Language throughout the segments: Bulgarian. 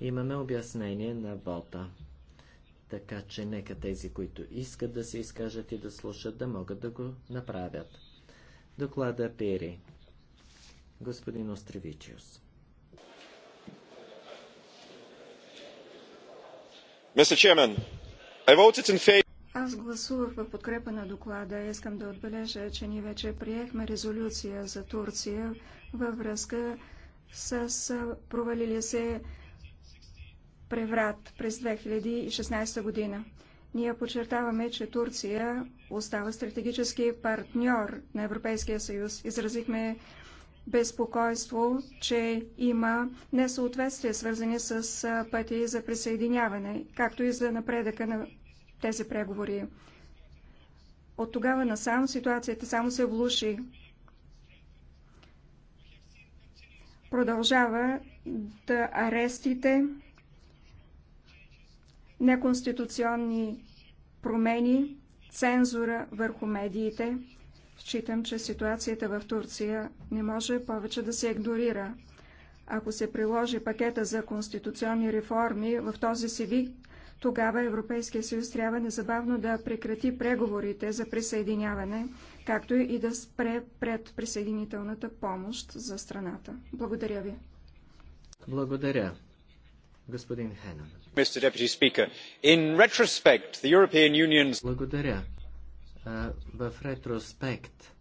имаме обяснение на вота. Така че нека тези, които искат да се изкажат и да слушат, да могат да го направят. Доклада Пери. Господин Остревичиус. Аз гласувах в подкрепа на доклада. Искам да отбележа, че ние вече приехме резолюция за Турция във връзка с провалили се преврат през 2016 година. Ние подчертаваме, че Турция остава стратегически партньор на Европейския съюз. Изразихме безпокойство, че има несъответствия, свързани с пъти за присъединяване, както и за напредъка на тези преговори. От тогава насам ситуацията само се влуши. Продължава да арестите, неконституционни промени, цензура върху медиите. Считам, че ситуацията в Турция не може повече да се игнорира. Ако се приложи пакета за конституционни реформи в този си вид, тогава Европейския съюз трябва незабавно да прекрати преговорите за присъединяване, както и да спре пред присъединителната помощ за страната. Благодаря ви. Благодаря, господин Хенан. Благодаря. В ретроспект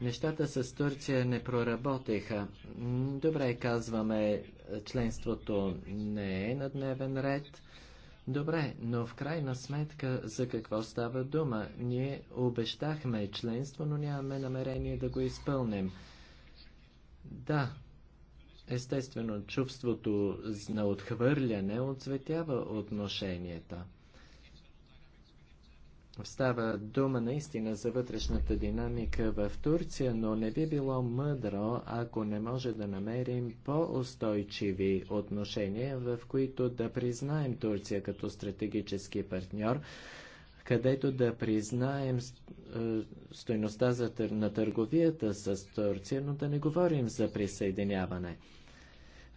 нещата с Турция не проработиха. Добре, казваме, членството не е на дневен ред. Добре, но в крайна сметка за какво става дума? Ние обещахме членство, но нямаме намерение да го изпълним. Да, Естествено, чувството на отхвърляне отцветява отношенията. Става дума наистина за вътрешната динамика в Турция, но не би било мъдро, ако не може да намерим по-устойчиви отношения, в които да признаем Турция като стратегически партньор, където да признаем е, стойността на търговията с Турция, но да не говорим за присъединяване.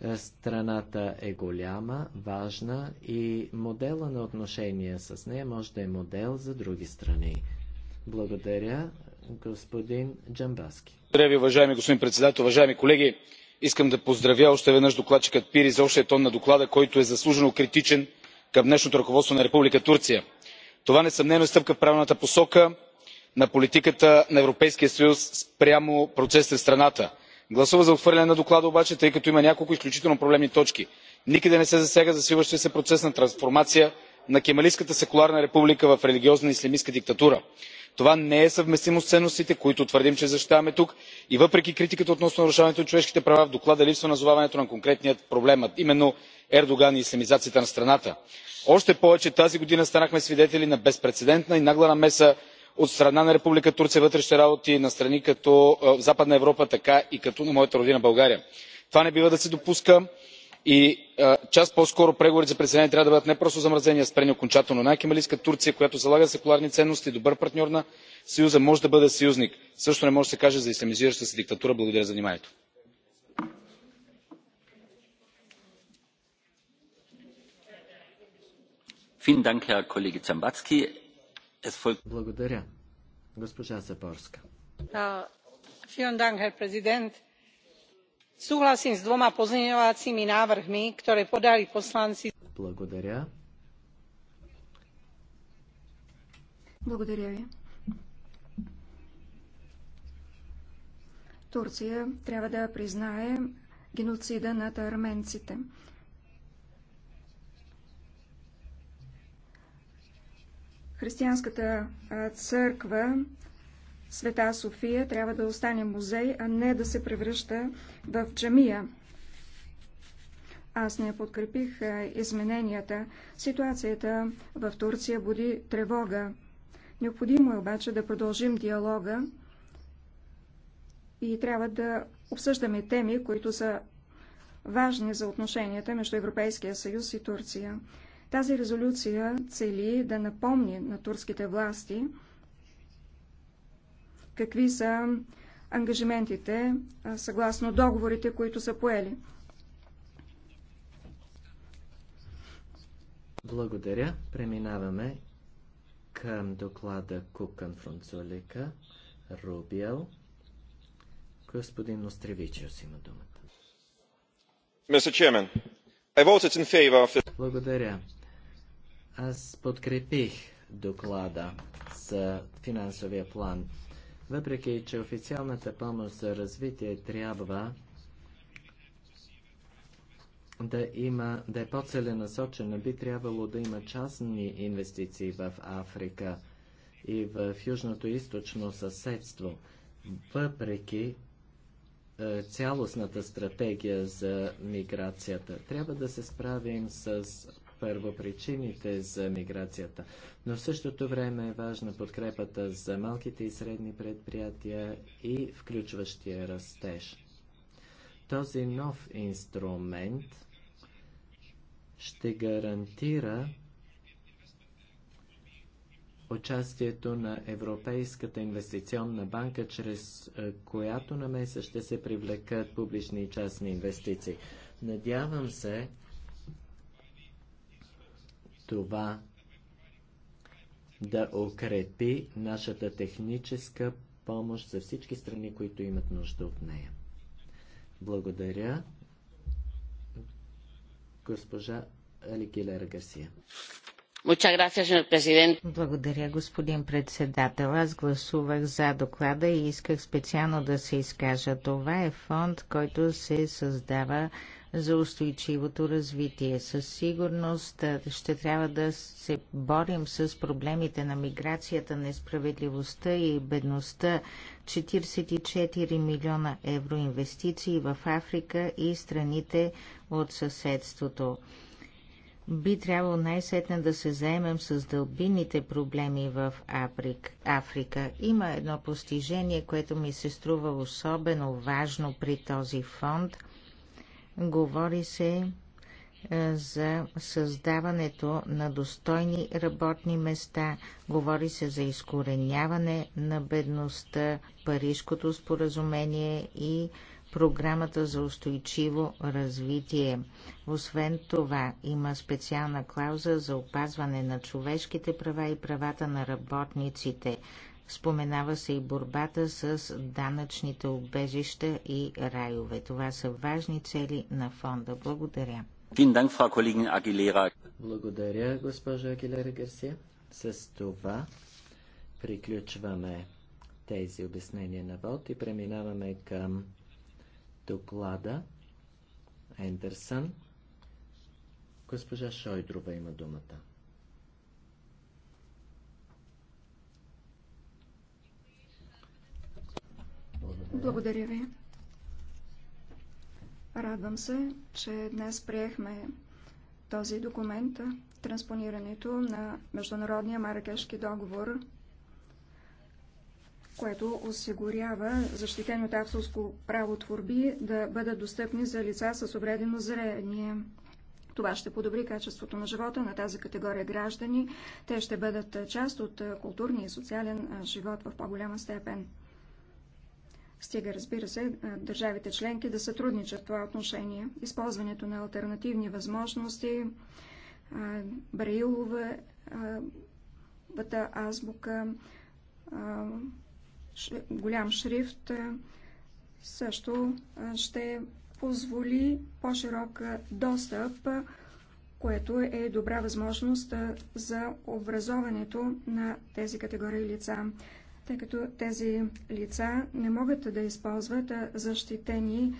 Е, страната е голяма, важна и модела на отношения с нея може да е модел за други страни. Благодаря, господин Джамбаски. Благодаря ви, уважаеми господин председател, уважаеми колеги. Искам да поздравя още веднъж докладчикът Пири за още тон на доклада, който е заслужено критичен към днешното ръководство на Република Турция това несъмнено е стъпка в правилната посока на политиката на европейския съюз спрямо процесите в страната. гласувах за отхвърляне на доклада обаче тъй като има няколко изключително проблемни точки. никъде не се засяга засилващият се процес на трансформация на кемалийската секуларна република в религиозна ислямистка диктатура това не е съвместимо с ценностите които твърдим че защитаваме тук и въпреки критиката относно нарушаването на човешките права в доклада липсва назоваването на конкретния проблем а именно ердоган и ислямизацията на страната. още повече тази година станахме свидетели на безпрецедентна и нагла намеса от страна на република турция във вътрешните работи на страни както в западна европа така и като моята родина българия. това не бива да се допуска и час по скоро преговорите за присъединяване трябва да бъдат не просто замразени а спрени окончателно. една кемалийска турция която залага секуларни ценности и добър партньор на съюза може да бъде съюзник. същото не може да се каже за ислямизиращата се диктатура. благодаря за вниманието. Благодаря. Госпожа súhlasím s dvoma pozmeňovacími návrhmi ktoré podali poslanci. Турция трябва да признае геноцида над арменците. Християнската църква Света София трябва да остане музей, а не да се превръща в джамия. Аз не подкрепих измененията. Ситуацията в Турция буди тревога. Необходимо е обаче да продължим диалога и трябва да обсъждаме теми, които са важни за отношенията между Европейския съюз и Турция. Тази резолюция цели да напомни на турските власти, какви са ангажиментите съгласно договорите, които са поели. Благодаря. Преминаваме към доклада Кукан Фронцолика, Рубиел. Господин си има думата. Благодаря. Аз подкрепих доклада за финансовия план въпреки, че официалната помощ за развитие трябва да има, да е по-целенасочена, би трябвало да има частни инвестиции в Африка и в Южното и източно съседство. Въпреки е, цялостната стратегия за миграцията, трябва да се справим с първопричините за миграцията. Но в същото време е важна подкрепата за малките и средни предприятия и включващия растеж. Този нов инструмент ще гарантира участието на Европейската инвестиционна банка, чрез е, която намеса ще се привлекат публични и частни инвестиции. Надявам се, това да укрепи нашата техническа помощ за всички страни, които имат нужда от нея. Благодаря. Госпожа Аликилера Гарсия. Благодаря, господин председател. Аз гласувах за доклада и исках специално да се изкажа. Това е фонд, който се създава за устойчивото развитие. Със сигурност ще трябва да се борим с проблемите на миграцията, несправедливостта и бедността. 44 милиона евро инвестиции в Африка и страните от съседството. Би трябвало най-сетне да се заемем с дълбините проблеми в Африк, Африка. Има едно постижение, което ми се струва особено важно при този фонд – Говори се е, за създаването на достойни работни места, говори се за изкореняване на бедността, Парижкото споразумение и програмата за устойчиво развитие. Освен това, има специална клауза за опазване на човешките права и правата на работниците. Споменава се и борбата с данъчните убежища и райове. Това са важни цели на фонда. Благодаря. Благодаря, госпожа Агилера Гарсия. С това приключваме тези обяснения на ВОД и преминаваме към доклада Ендерсън. Госпожа Шойдрова има думата. Благодаря ви. Радвам се, че днес приехме този документ, транспонирането на Международния маракешки договор, което осигурява защитени от авторско право творби да бъдат достъпни за лица с обредено зрение. Това ще подобри качеството на живота на тази категория граждани. Те ще бъдат част от културния и социален живот в по-голяма степен. Стига, разбира се, държавите членки да сътрудничат в това отношение. Използването на альтернативни възможности, Браиловата азбука, голям шрифт също ще позволи по-широк достъп, което е добра възможност за образованието на тези категории лица тъй като тези лица не могат да използват защитени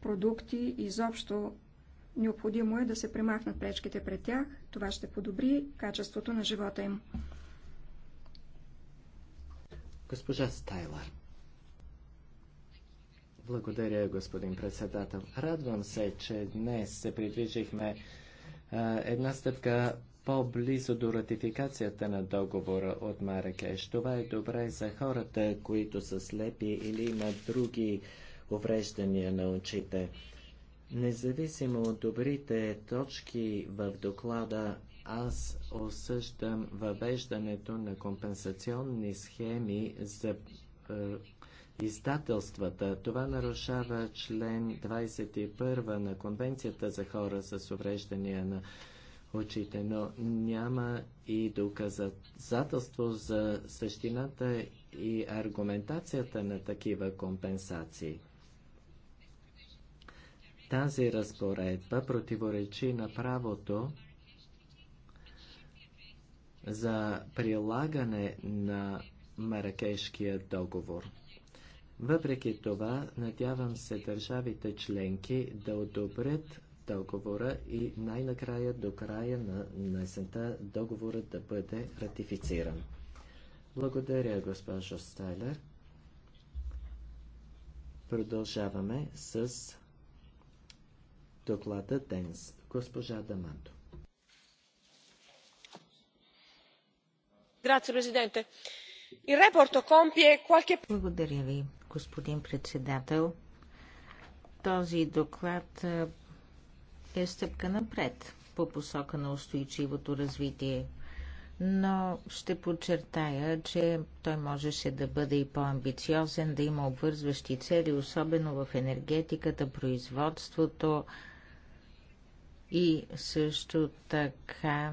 продукти изобщо. Необходимо е да се примахнат пречките пред тях. Това ще подобри качеството на живота им. Госпожа Стайлар. Благодаря, господин председател. Радвам се, че днес се придвижихме една стъпка по-близо до ратификацията на договора от Маракеш. Това е добре за хората, които са слепи или имат други увреждания на очите. Независимо от добрите точки в доклада, аз осъждам въвеждането на компенсационни схеми за е, издателствата. Това нарушава член 21 на Конвенцията за хора с увреждания на очите, но няма и доказателство за същината и аргументацията на такива компенсации. Тази разпоредба противоречи на правото за прилагане на Маракешкия договор. Въпреки това, надявам се държавите членки да одобрят договора и най-накрая до края на, на есента договорът да бъде ратифициран. Благодаря, госпожо Стайлер. Продължаваме с доклада Денс. Госпожа Даманто. Благодаря ви, господин председател. Този доклад е стъпка напред по посока на устойчивото развитие. Но ще подчертая, че той можеше да бъде и по-амбициозен, да има обвързващи цели, особено в енергетиката, производството и също така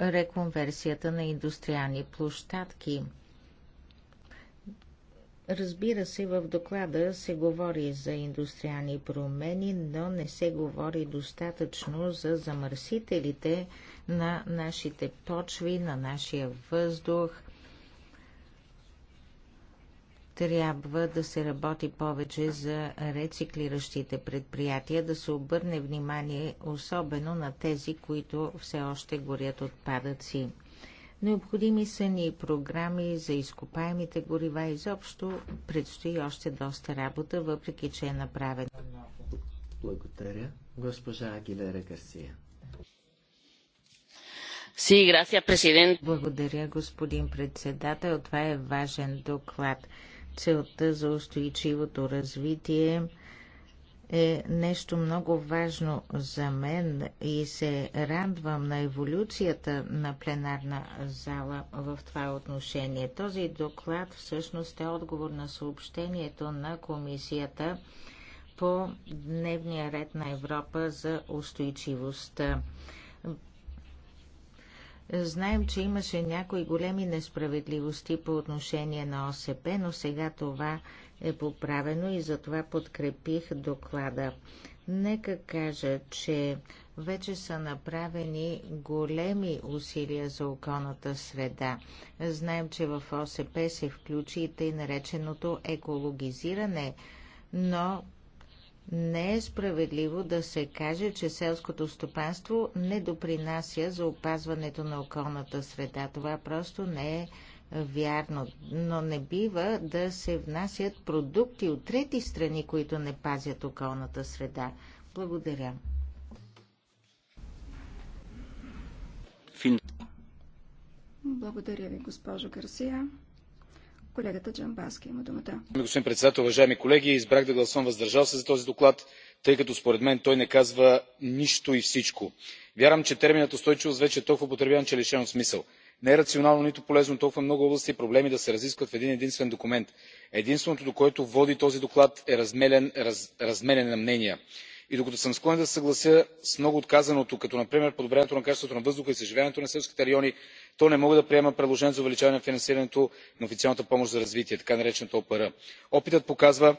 реконверсията на индустриални площадки – Разбира се, в доклада се говори за индустриални промени, но не се говори достатъчно за замърсителите на нашите почви, на нашия въздух. Трябва да се работи повече за рециклиращите предприятия, да се обърне внимание особено на тези, които все още горят отпадъци. Необходими са ни програми за изкопаемите горива. Изобщо предстои още доста работа, въпреки че е направена. Благодаря. Госпожа Агилера Гарсия. Sí, gracias, Благодаря, господин председател. Това е важен доклад. Целта за устойчивото развитие е нещо много важно за мен и се радвам на еволюцията на пленарна зала в това отношение. Този доклад всъщност е отговор на съобщението на комисията по дневния ред на Европа за устойчивостта. Знаем, че имаше някои големи несправедливости по отношение на ОСП, но сега това е поправено и затова подкрепих доклада. Нека кажа, че вече са направени големи усилия за околната среда. Знаем, че в ОСП се включи и тъй нареченото екологизиране, но не е справедливо да се каже, че селското стопанство не допринася за опазването на околната среда. Това просто не е вярно, но не бива да се внасят продукти от трети страни, които не пазят околната среда. Благодаря. Благодаря ви, госпожо Гарсия. Колегата Джамбаски има думата. Господин председател, уважаеми колеги, избрах да гласувам въздържал се за този доклад, тъй като според мен той не казва нищо и всичко. Вярвам, че терминът устойчивост вече е толкова употребяван, че е лишен от смисъл не е рационално нито полезно толкова много области и проблеми да се разискват в един единствен документ. единственото до което води този доклад е разменяне на мнения. и докато съм склонен да се съглася с много от казаното като например подобряването на качеството на въздуха и съживяването на селските райони то не мога да приема предложението за увеличаване на финансирането на официалната помощ за развитие така наречената опр. опитът показва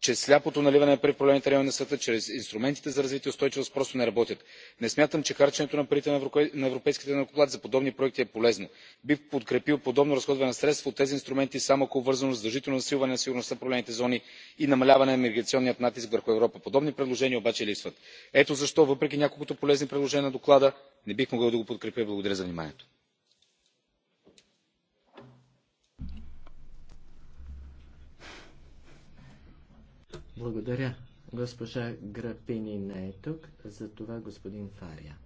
че сляпото наливане на пари в проблемните райони на света чрез инструментите за развитие и устойчивост просто не работят. не смятам че харченето на парите на европейските данъкоплатци за подобни проекти е полезно. бих подкрепил подобно разходване на средства от тези инструменти само ако е обвързано с задължително засилване на сигурността в проблемните зони и намаляване на миграционния натиск върху европа. подобни предложения обаче липсват. ето защо въпреки няколкото полезни предложения на доклада не бих могъл да го подкрепя. благодаря за вниманието. Благодаря. Госпожа Грапини не е тук, затова господин Фария.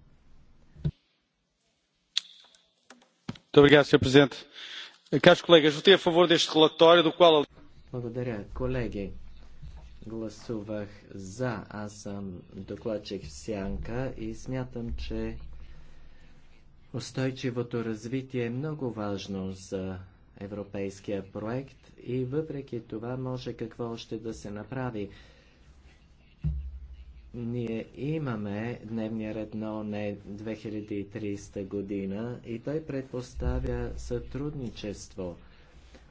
Добре, Sr. Presidente. Caros colegas, votei a favor deste relatório, do Благодаря, колеги. Гласувах за. Аз съм докладчик в Сянка и смятам, че устойчивото развитие е много важно за европейския проект и въпреки това може какво още да се направи. Ние имаме дневния ред на ОНЕ 2300 година и той предпоставя сътрудничество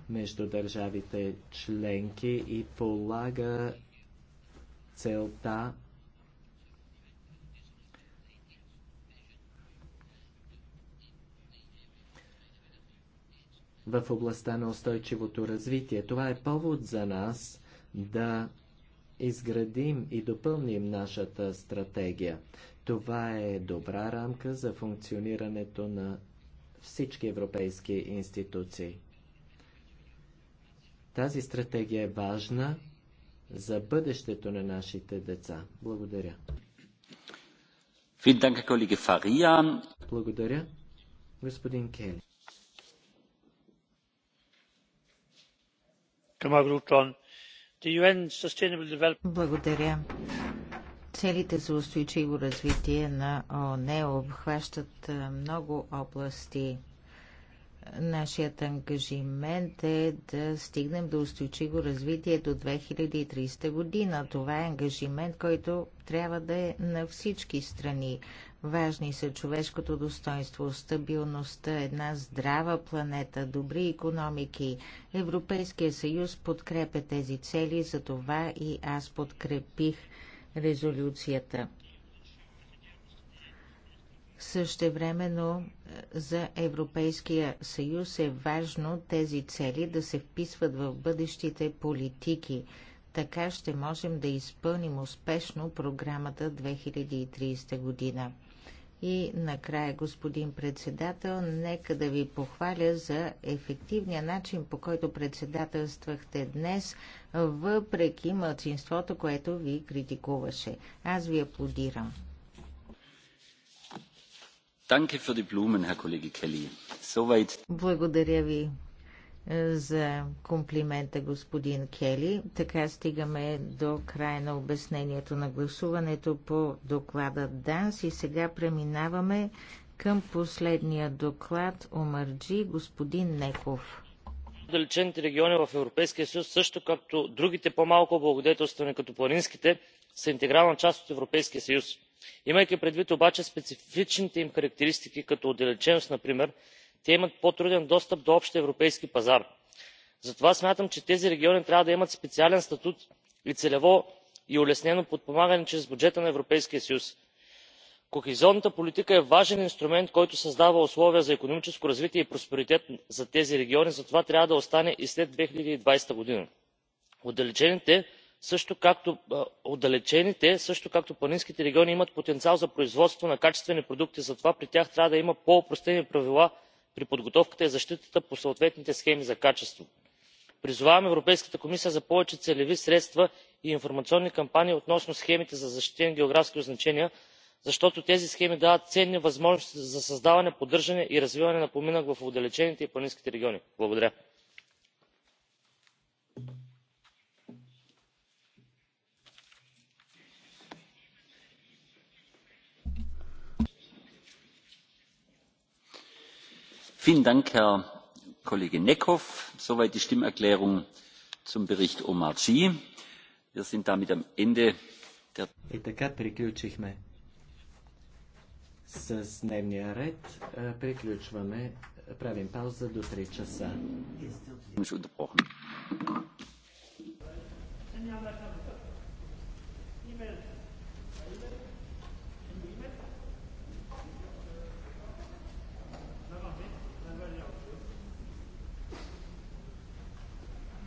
между държавите членки и полага целта в областта на устойчивото развитие. Това е повод за нас да изградим и допълним нашата стратегия. Това е добра рамка за функционирането на всички европейски институции. Тази стратегия е важна за бъдещето на нашите деца. Благодаря. Благодаря, господин Кели. Благодаря. Целите за устойчиво развитие на ООН обхващат много области. Нашият ангажимент е да стигнем до устойчиво развитие до 2030 година. Това е ангажимент, който трябва да е на всички страни. Важни са човешкото достоинство, стабилността, една здрава планета, добри економики. Европейския съюз подкрепя тези цели, за това и аз подкрепих резолюцията. Същевременно е, за Европейския съюз е важно тези цели да се вписват в бъдещите политики – така ще можем да изпълним успешно програмата 2030 година. И накрая, господин председател, нека да ви похваля за ефективния начин, по който председателствахте днес, въпреки мълцинството, което ви критикуваше. Аз ви аплодирам. Благодаря ви, за комплимента, господин Кели. Така стигаме до края на обяснението на гласуването по доклада ДАНС и сега преминаваме към последния доклад Омарджи, господин Неков. Далечените региони в Европейския съюз, също както другите по-малко благодетелствани, като планинските, са интегрална част от Европейския съюз. Имайки предвид обаче специфичните им характеристики като отдалеченост, например, те имат по труден достъп до общия европейски пазар. затова смятам че тези региони трябва да имат специален статут и целево и улеснено подпомагане чрез бюджета на европейския съюз. кохезионната политика е важен инструмент който създава условия за икономическо развитие и просперитет за тези региони затова трябва да остане и след. две хиляди и двадесета г. отдалечените също както планинските региони имат потенциал за производство на качествени продукти затова при тях трябва да има по опростени правила при подготовката и защитата по съответните схеми за качество. призовавам европейската комисия за повече целеви средства и информационни кампании относно схемите за защитени географски означения защото тези схеми дават ценни възможности за създаване поддържане и развиване на поминък в отдалечените и планинските региони. благодаря. vielen dank herr kollege nekov. soweit die stimmerklärung zum bericht omarjee. wir sind damit am ende der. И така приключихме с дневния ред. Приключваме. Правим пауза до 3 часа.